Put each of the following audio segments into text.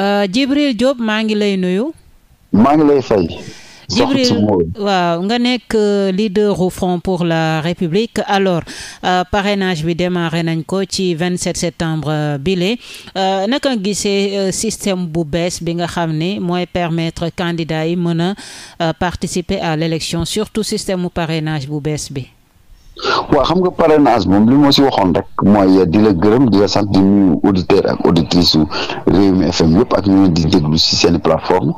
Euh, Djibril Diop maa ngi lay nuyu. maa ngi lay fay. Djibril waaw nga nekk euh, leader au Front pour la République alors euh, parrainage bi démarré nañ ko ci 27 septembre bile naka gisee système bu bees bi nga xam ne mooy permettre candidats yi mën a participer à l'élection surtout système mu bu bees bi. waaw xam nga parrainage moom li ma si waxoon rek mooy di la gërëm di la sant di nuyu auditeur ak auditrice su mi FM yëpp ak ñu di déglu si seen plateforme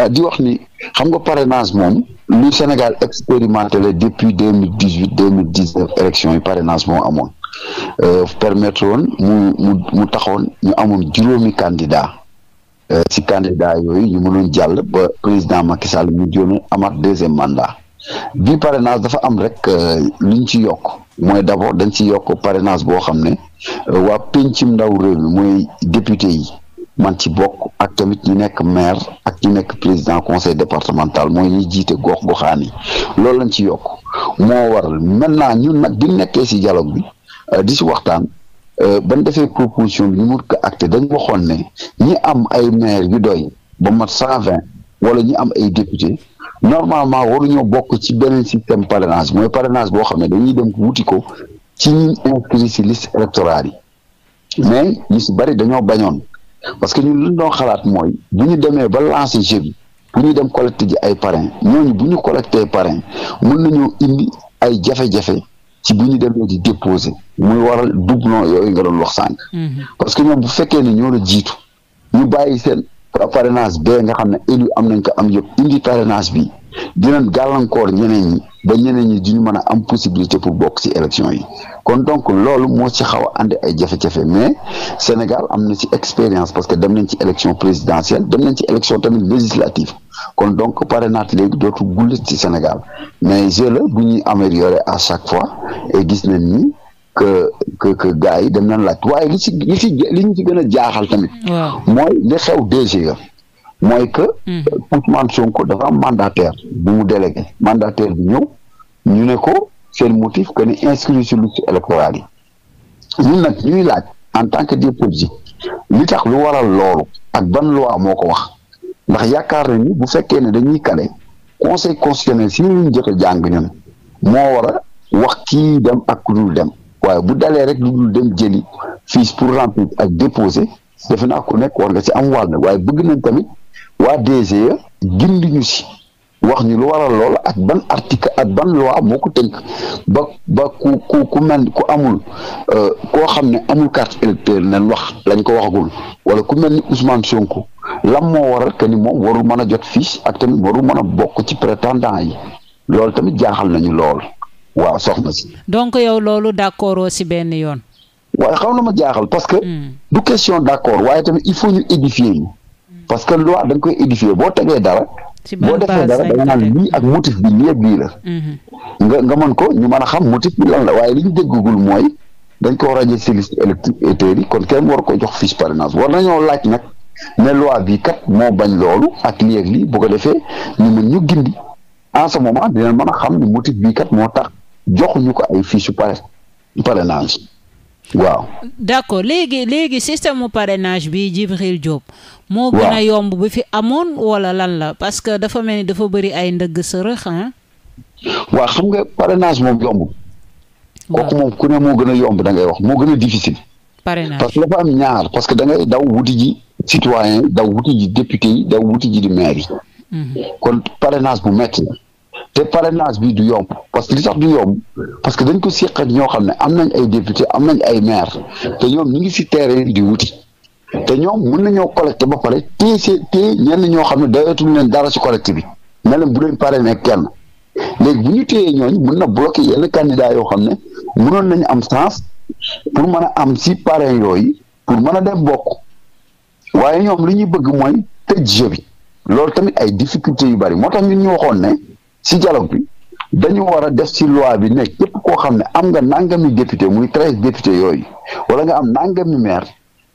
euh, di wax ni xam nga parrainage moom lu Sénégal expérimenté la depuis deux mille dix huit deux mille dix neuf élection yi parrainage moo amoon euh, permettre woon mu mu mu taxoon ñu amoon juróomi candidat euh, si candidat yooyu ñu mënoon jàll ba président Macky Sall mu joone amaat deuxième mandat bii parrainage dafa am rek euh, lu ñu ci yokk mooy d' abord dañ ci yokk parrainage boo xam ne euh, waa pencum ndaw réew mi mooy député yi man ci bokk ak tamit ñu nekk maire ak ñu nekk président conseil départemental mooy ñuy jiite gox goxaan yi loolu lañ ci yokk moo war maintenant ñun nag bi nekkee si dialogue bi euh, di ci waxtaan ban defee proposition bi ñu mën ko acté dañ waxoon ne ñi am ay maire yu doy ba mat cent wala ñu am ay député normalement waruñoo bokk ci beneen système parrainage mooy parrainage boo xam ne dañuy dem wuti ko ci ñi inscrit si liste électorale yi mais ñu bari dañoo bañoon parce que ñu luñ doon xalaat mooy bu ñu demee ba lancer jeu bi bu ñu dem collecté ji ay parrain ñooñu bu ñu collecté parrain mën nañoo indi ay jafe-jafe ci bu ñu demee di déposer muy waral doublon yooyu nga doon wax sànq. Mm-hmm. parce que ñoom bu fekkee ne ñoo la jiitu ñu bàyyi seen parrainage bee nga xam ne élu am nañ ko am yëpp indi parrainage bi dina gàllankoor ñeneen ñi ba ñeneen ñi ñu mën a am possibilité pour bokk ci élection yi kon donc loolu moo ci xaw a ànd ay jafe-jafe mais Sénégal am na ci expérience parce que dem nañ ci élection présidentielle dem nañ ci élection tamit législative kon donc parrainage léegi dootu gullit ci Sénégal mais jeu la bu ñuy améliorer à chaque fois et gis nañ ni que que que gars yi dem nañ laaj waaye li si li ci li gën a jaaxal tamit. mooy li xew DG. mooy que. Hmm. Ousmane Sonko dafa am mandataire bu mu délégué mandataire bi ñëw ñu ne ko seen motif que ni inscrit sur liste électorale yi ñun nag ñuy laaj en tant que député li tax lu waral loolu ak ban loi moo ko wax ndax yaakaar nañu bu fekkee ne dañuy kale conseil constitutionnel si ñu jot a jàng ñun moo war wax kii dem ak ku dul dem. waaye bu dalee rek lu dul dem jëli fiche pour remplir ak déposer defe naa ku nekk war nga ci am wàll waaye bëgg nañ tamit waa DGE gindi ñu si wax ñu lu waral lool ak ban article ak ban loi moo ko tënk ba ba ku ku mel ku amul euh, koo xam ne amul carte électeur nañ wax lañ ko waxagul wala ku mel ni Ousmane Sonko lam moo waral que ni moom warul mën a jot fiche ak tamit warul mën a bokk ci prétendant yi loolu tamit jaaxal nañu lool. waaw soxna si. donc yow loolu d' accord si benn yoon. waaye xaw na ma jaaxal parce que. Hmm. du question d' accord waaye tamit il faut ñu édifier ñu. parce que loi da koy édifier boo tegee dara. boo defee dara da nga naan ak motif bi lii ak lii la. Hmm. mën ko ñu mën a xam motif bi lan waaye li ñu déggagul mooy dañ ko radier si liste électorale kon kenn war ko jox fiche parrainage war nañoo laaj nag ne loi bi kat moo bañ loolu ak lii ak lii bu ko defee ñu mën ñu gindi en ce moment mën a xam ne motif bii kat moo tax. joxuñu ko ay fiches yu parrainage waaw. d'accord léegi léegi système mu parrainage bi Djibril Diop. moo gën a yomb bu fi amoon wala lan la parce que dafa mel ni dafa bëri ay ndëgg sërëx ah. xam nga parrainage moom yomb. kooku moom ku ne moo gën a yomb da ngay wax moo gën a difficile. parrainage parce que dafa am ñaar parce que da ngay daw wuti ji citoyen daw wuti ji député yi daw wuti di maire mhm. kon parrainage bu métti la te parrainage bi du yomb parce que li tax du yomb parce que dañ ko seq ak ñoo xam ne am nañ ay député am nañ ay maire te ñoom ñu ngi si terrain di wuti te ñoom mën nañoo collecté ba pare téye see ñenn ñoo xam ne dayatul leen dara si collecte bi ne leen bu leen nekk kenn léegi bu ñu téyee ñooñ mën na bloqué yenn candidat yoo xam ne mënoon nañu am sance pour mën a am si parrain yooyu pour mën a def bokk waaye ñoom li ñuy bëgg mooy tëj jeu bi loolu tamit ay difficultés yu bari moo tax ñun ñu waxoon ne si dialogue bi dañu war a def ci loi bi ne képp koo xam ne am nga nangami député muy treize député yooyu wala nga am nangami maire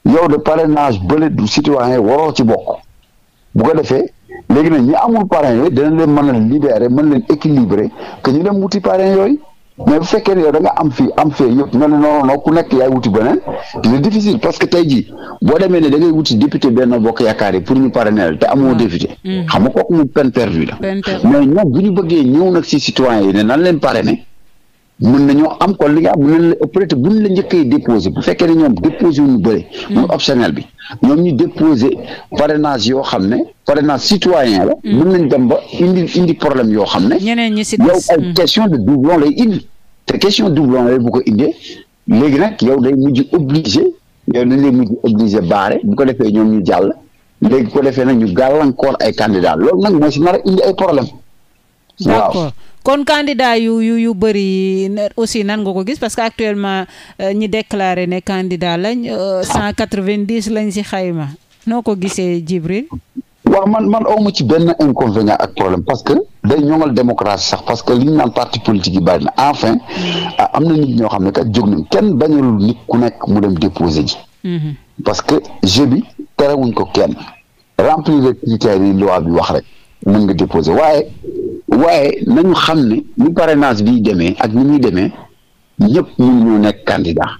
yow de parrainage bële du citoyen waroo ci bokk bu ko defee léegi nag ñi amul parrain yooyu dana leen mën a libérer mën leen équilibrer que ñu dem wuti parrain yooyu. mais bu fekkee ne yow da nga am fii am fee yëpp nga ne non non ku nekk yaay wuti beneen dina difficile parce que tey jii boo demee ne da ngay wuti député benn bokk yaakaar yi pour ñu parrainer te amoo député. Mm. xam nga kooku mu peine perdue la. mais ñoom bu ñu bëggee ñëw nag si citoyen yi ne nan leen parrainer. mun nañoo am kon li nga am mën la peut na buñ la njëkkee déposé bu fekkee ne ñoom déposé wu ñu bëri. Mm. muy optionnel bi ñoom ñu déposé parrainage yoo xam ne parrainage citoyen la. Mm. mën nañ dem ba indi indi problème yoo xam ne. ñeneen ñi si yow ay mm. question de doublon lay indi. te question doublon lay bu ko indee léegi nag yow day mujj obligé yow dañ lay mujj obligé baare bu ko defee ñoom ñu jàll léegi ko defee nag ñu gàllankoor ay candidats loolu nag moo si nar indi ay problème d' accord kon candidat yu yu yu bëri aussi nan ko gis parce que actuellement euh, ñi déclaré ne candidat lañ euh, cent quatre vingt dix lañ si xayma noo ko gisee Djibril waaw man man awma ci benn inconvénient ak problème parce que day ñoŋal démocratie sax parce que li ñu naan parti politique yi bari na enfin mm. ah, am na nit ñoo xam ne kat jóg nañ kenn bañalul nit ku nekk mu dem déposer ji mm-hmm. parce que jeu bi terewuñ ko kenn remplir les critères yi loi bi wax rek mën nga déposer waaye waaye nañu xam ni ni parrainage bi demee ak ni muy demee ñëpp mun ñoo nekk candidat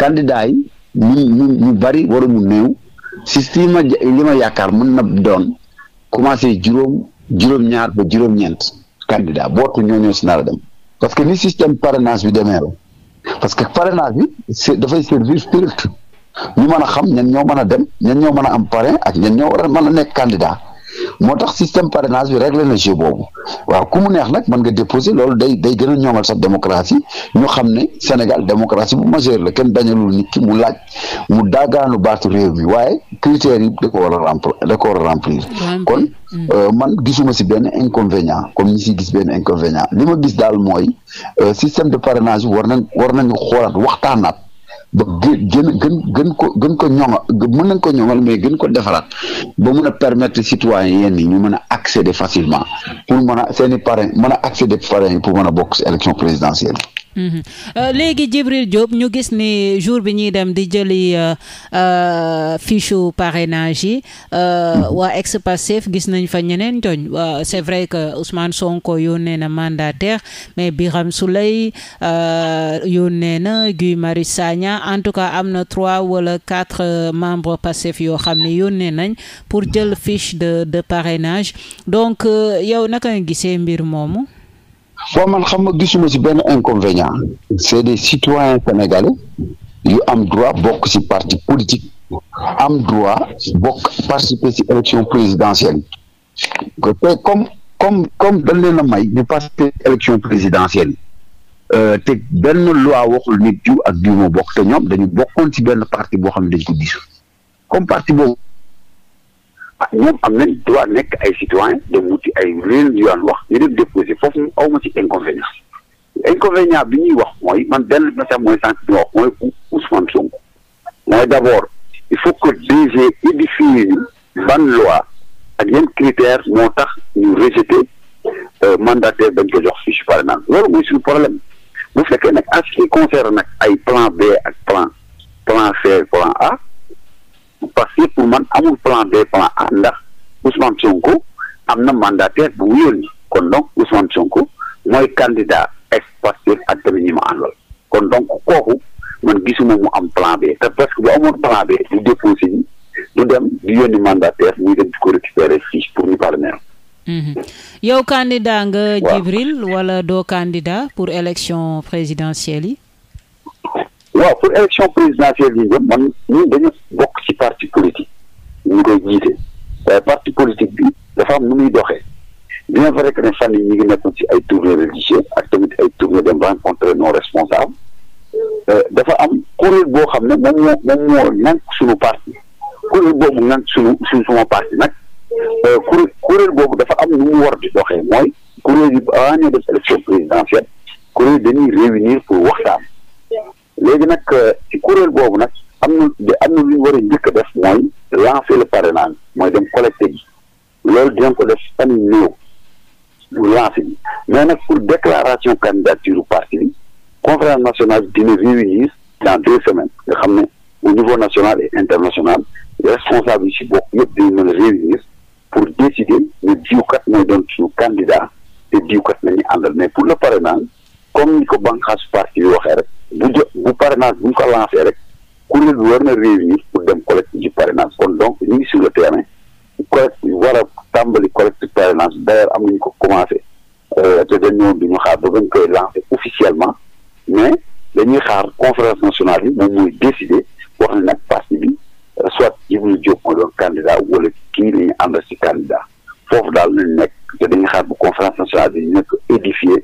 candidat yi ñu ñu ñu bari war a mu néew si si ma yaakaar mun na doon commencé juróom juróom-ñaar ba juróom-ñeent candidat bootu ñoo ñoo si naar a dem parce que ni système parrainage bi demee parce que parrainage bi dafay service filtre ñu mën a xam ñan ñoo mën a dem ñan ñoo mën a am parrain ak ñan ñoo war a mën a nekk candidat moo tax système parrainage bi réglé na jeu boobu waaw ku mu neex nag mën nga déposer loolu day day gën a ñoŋal sax démocratie ñu xam ne Sénégal démocratie bu majeur la kenn dañalul nit ki mu laaj mu daagaanu baatu réew mi waaye critères yi da ko a remplir da a remplir kon mm. euh, man gisuma si benn inconvénient comme ñi si gis benn inconvénient li ma gis daal mooy euh, système de parrainage bi war nañ war nañu xoolaat waxtaanaat ba gën gën gën ko gën ko ñoŋa mën nañ ko ñoŋal mais gën ko defaraat ba mun a permettre citoyens yenn ñu mën a accéder facilement pour mën a seen i parrain mën a accéder parrain yi pour mën a bokk si élection présidentielle mm-hmm. euh, léegi Djibril Diop ñu gis ni jour bi ñuy dem di jëli euh, euh, fiche parrainage yi waa ex Pastef gis nañ fa ñeneen tooñ c'est vrai que Ousmane Sonko yónnee na mandataire mais Birame Souleye yónnee na Guy Marius Sagna en tout cas am na trois wala quatre euh, membre Pastef yoo xam ne yónnee nañ pour jël fiche de de parrainage donc euh, yow naka nga gisee mbir moomu. bon man xam nga gisuma ci benn inconvénient c'est des citoyens sénégalais yu am droit bokk ci parti politique am droit bokk participer ci élection présidentielle comme comme comme dañ leen a may ñu participer élection présidentielle Euh, te benn loi waxul nit diw ak diw moo bokk te ñoom dañu bokkoon ci benn parti boo xam ne dañ ko disu comme parti boobu ah ñoom am nañ droit nekk ay citoyen dem wuti ay réel yu wax ñu def déposé foofu aw ma ci inconvénient inconvénient bi ñuy wax mooy man benn message mooy sànq bi wax mooy Ousmane Sonko mooy d'abord il faut que DG édifie ñu ban loi ak yan critère moo tax ñu rejeté euh, mandataire dañ ko jox fiche parrainage loolu mooy suñu problème bu fekkee nag en ce qui nag ay plan B ak plan plan C plan A parce que man amul plan B plan A ndax Ousmane Sonko am na mandataire bu wéyoon ni kon donc Ousmane Sonko mooy candidat ex Pastef ak tamit ñi ma àndal kon donc kooku man gisuma mu am plan B te parce que bu amoon plan B du déposé ni du dem di yónni mandataire muy dem di ko récupérer fii pour ñu parrainer Mhm. yow candidat nga Djibril walla doo candidat pour élection présidentielle yi waaw pour élection présidentielle yi ñëpp man ñun dañu bokk ci parti politique ñu koy jiite waaye parti politique bi dafa am nu muy doxee bien vrai que ne fan yi ñu ngi nekkoon ci ay tournées religieuses ak tamit ay tournées dem rencontre non responsable euh, dafa am kuréel boo xam ne moom moo moom moo nank suñu parti kuréel boobu nank suñu suñu suma parti nag Euh, kuréel kuréel boobu dafa am nu mu war di doxee mooy kuréel yi avant ñuy def élection présidentielle kuréel dañuy réunir pour waxtaan léegi nag euh, ci kuréel boobu nag am na am na lu ñu war a njëkk a def mooy lancer le naan mooy dem collecté ji loolu dinañ ko def fan yu nag pour déclaration candidature u parti bi conférence nationale dina réunir dans deux semaines nga xam ne au niveau national et international responsable yi si bokk yëpp dañu mën réunir pour décider ne diwkat mooy doon suñu candidat te diwkat nañu àndal mais pour le parrainage comme ni ko bànqaasu parti bi waxee rek bu jo bu parrainage bu ñu ko lancé rek kuréel bi war na réunir pour dem collecte ji parrainage kon donc ñu ngi su le terrain collecte war a tàmbali collecte parrainage d'ailleurs am nañu ko commencé euh, te dañoo duñu xaar ba bañ koy lancé officiellement mais dañuy xaar conférence nationale yi moom mooy décider wax ne nag parti soit Djibril Diop moo doon candidat wala kii la ñu àndal si candidat foofu daal nañ nekk te dañuy xaar bu conférence nationale bi nekk édifié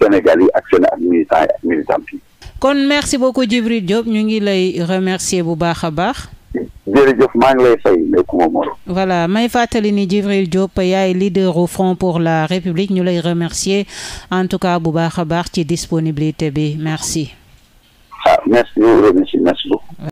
Sénégal ak seen ak militants yi ak militantes yi. kon merci beaucoup Djibril Diop ñu ngi lay remercier bu baax a baax. jërëjëf maa ngi lay fay Ndeye Moro. voilà may fàttali ni Djibril Diop yaay leader au pour la République ñu lay remercier en tout cas bu baax a baax ci disponibilité bi merci. ah